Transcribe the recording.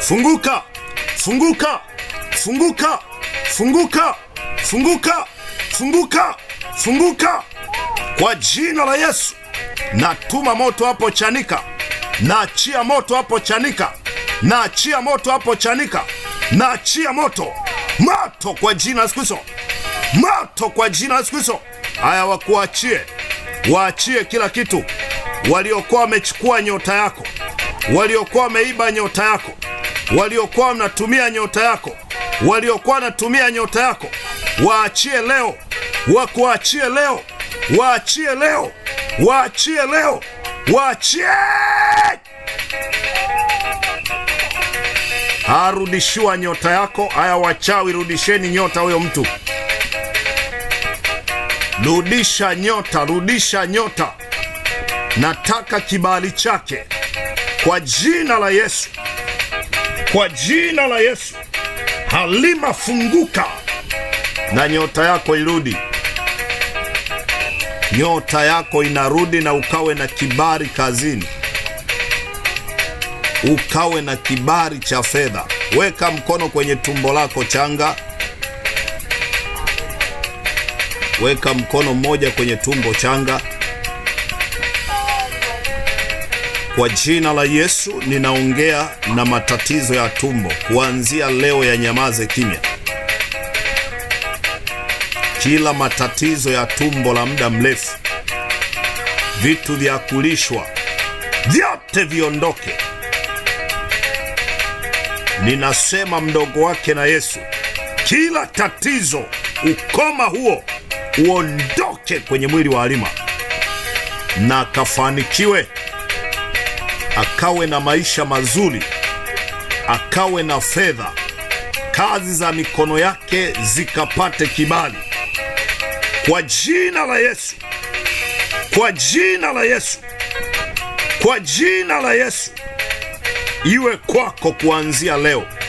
Funguka, funguka, funguka, funguka, funguka, funguka, funguka kwa jina la Yesu. Natuma moto hapo Chanika, naachia moto hapo Chanika, naachia moto hapo Chanika, naachia moto, moto kwa jina la Yesu, moto kwa jina la Yesu. Haya, wakuachie, waachie kila kitu waliokuwa wamechukua nyota yako, waliokuwa wameiba nyota yako waliokuwa wanatumia nyota yako, waliokuwa wanatumia nyota yako, waachie leo, wakuachie leo, waachie leo, waachie leo, waachie. Arudishiwa nyota yako. Haya, wachawi, rudisheni nyota huyo mtu, rudisha nyota, rudisha nyota. Nataka kibali chake kwa jina la Yesu kwa jina la Yesu. Halima, funguka na nyota yako irudi, nyota yako inarudi, na ukawe na kibali kazini, ukawe na kibali cha fedha. Weka mkono kwenye tumbo lako changa, weka mkono mmoja kwenye tumbo changa. Kwa jina la Yesu ninaongea na matatizo ya tumbo kuanzia leo, ya nyamaze kimya. Kila matatizo ya tumbo la muda mrefu, vitu vya kulishwa vyote viondoke. Ninasema mdogo wake na Yesu, kila tatizo, ukoma huo uondoke kwenye mwili wa Halima na kafanikiwe akawe na maisha mazuri, akawe na fedha, kazi za mikono yake zikapate kibali kwa jina la Yesu, kwa jina la Yesu, kwa jina la Yesu, iwe kwako kuanzia leo.